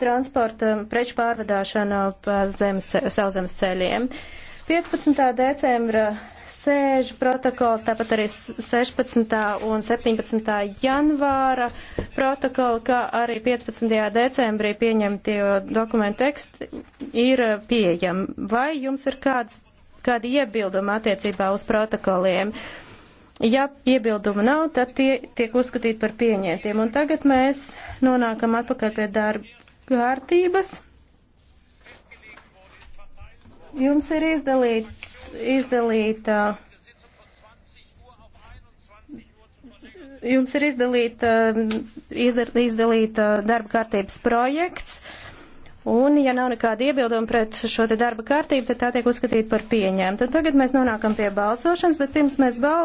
transporta preču pārvadāšanu pa zemes, sauszemes ceļiem. 15. decembra sēžu protokols, tāpat arī 16. un 17. janvāra protokoli, kā arī 15. decembrī pieņemtie dokumentu teksti ir pieejami. Vai jums ir kāds, kādi iebildumi attiecībā uz protokoliem? Ja iebildumu nav, tad tie tiek uzskatīti par pieņētiem. Un tagad mēs nonākam atpakaļ pie darba kārtības. Jums ir izdalīts, izdalīta, jums ir izdalīta, izdar, izdalīta darba kārtības projekts, un ja nav nekāda iebilduma pret šo te darba kārtību, tad tā tiek uzskatīta par pieņemtu. Un tagad mēs nonākam pie balsošanas, bet pirms mēs balsošanas.